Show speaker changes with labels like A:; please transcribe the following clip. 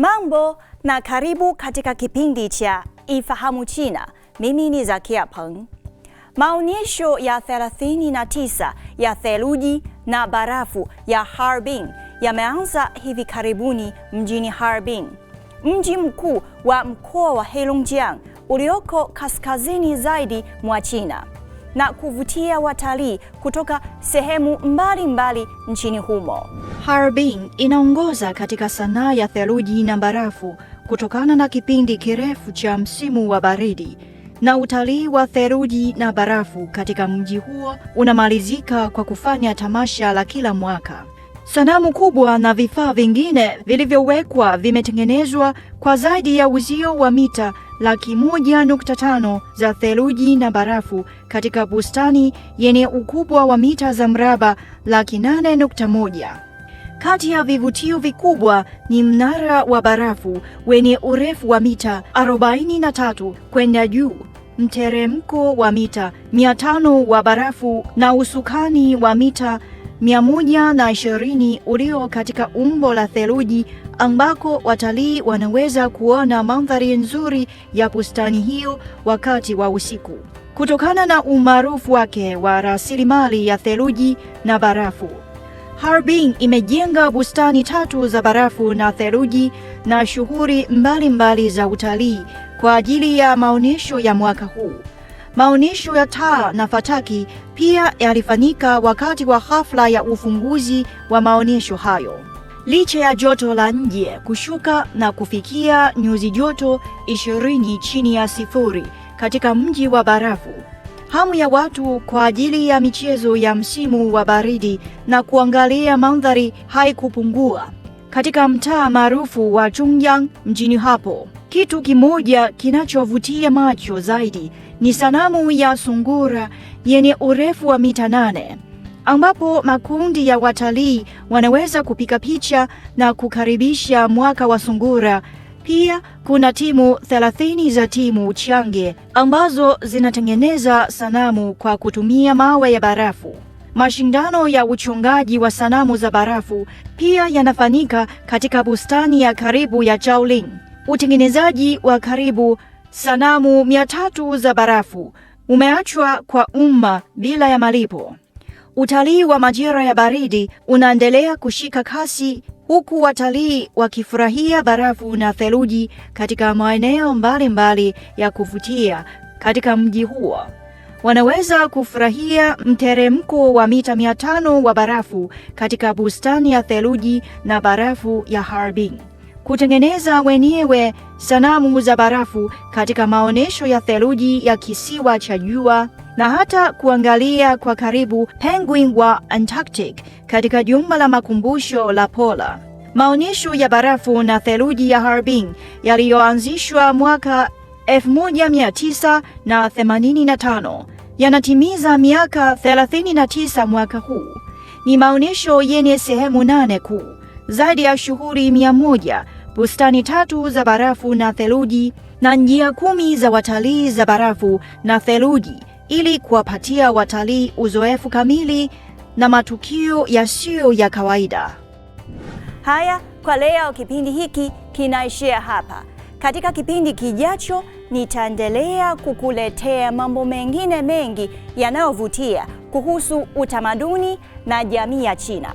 A: Mambo na karibu katika kipindi cha Ifahamu China. Mimi ni Zakia Peng. Maonyesho ya 39 ya theluji na barafu ya Harbin yameanza hivi karibuni mjini Harbin, mji mkuu wa mkoa wa Heilongjiang ulioko kaskazini zaidi mwa China na kuvutia watalii kutoka sehemu mbalimbali mbali nchini humo.
B: Harbin inaongoza katika sanaa ya theluji na barafu kutokana na kipindi kirefu cha msimu wa baridi na utalii wa theluji na barafu katika mji huo unamalizika kwa kufanya tamasha la kila mwaka. Sanamu kubwa na vifaa vingine vilivyowekwa vimetengenezwa kwa zaidi ya uzio wa mita laki moja nukta tano za theluji na barafu katika bustani yenye ukubwa wa mita za mraba laki nane nukta moja. Kati ya vivutio vikubwa ni mnara wa barafu wenye urefu wa mita 43 kwenda juu, mteremko wa mita 500 wa barafu na usukani wa mita 120 ulio katika umbo la theluji ambako watalii wanaweza kuona mandhari nzuri ya bustani hiyo wakati wa usiku. Kutokana na umaarufu wake wa rasilimali ya theluji na barafu, Harbin imejenga bustani tatu za barafu na theluji na shughuli mbalimbali za utalii kwa ajili ya maonyesho ya mwaka huu. Maonyesho ya taa na fataki pia yalifanyika wakati wa hafla ya ufunguzi wa maonyesho hayo. Licha ya joto la nje kushuka na kufikia nyuzi joto ishirini chini ya sifuri katika mji wa barafu, hamu ya watu kwa ajili ya michezo ya msimu wa baridi na kuangalia mandhari haikupungua katika mtaa maarufu wa Chungyang mjini hapo. Kitu kimoja kinachovutia macho zaidi ni sanamu ya sungura yenye urefu wa mita nane ambapo makundi ya watalii wanaweza kupiga picha na kukaribisha mwaka wa sungura. Pia kuna timu 30 za timu change ambazo zinatengeneza sanamu kwa kutumia mawe ya barafu. Mashindano ya uchungaji wa sanamu za barafu pia yanafanyika katika bustani ya karibu ya Zhaolin. Utengenezaji wa karibu Sanamu mia tatu za barafu umeachwa kwa umma bila ya malipo. Utalii wa majira ya baridi unaendelea kushika kasi huku watalii wakifurahia barafu na theluji katika maeneo mbalimbali ya kuvutia katika mji huo. Wanaweza kufurahia mteremko wa mita tano wa barafu katika bustani ya theluji na barafu ya Harbin kutengeneza wenyewe sanamu za barafu katika maonyesho ya theluji ya kisiwa cha jua na hata kuangalia kwa karibu penguin wa Antarctic katika jumba la makumbusho la Pola. Maonyesho ya barafu na theluji ya Harbin yaliyoanzishwa mwaka 1985 yanatimiza miaka 39 mwaka huu. Ni maonyesho yenye sehemu nane kuu zaidi ya shughuli mia moja, bustani tatu za barafu na theluji na njia kumi za watalii za barafu na theluji ili kuwapatia watalii uzoefu kamili na matukio yasiyo ya kawaida.
A: Haya kwa leo, kipindi hiki kinaishia hapa. Katika kipindi kijacho nitaendelea kukuletea mambo mengine mengi yanayovutia kuhusu utamaduni na jamii ya China.